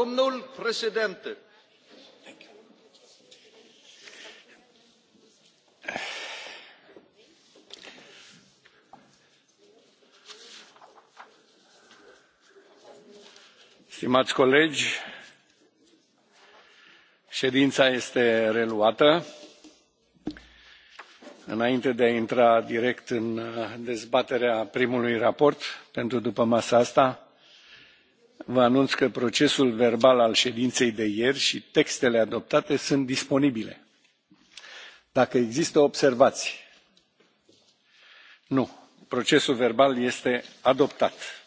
Domnul președinte. Stimați colegi, ședința este reluată. Înainte de a intra direct în uh, dezbaterea primului raport pentru după masa asta, vă anunț că procesul verbal al ședinței de ieri și textele adoptate sunt disponibile. dacă există observații? nu. procesul verbal este adoptat.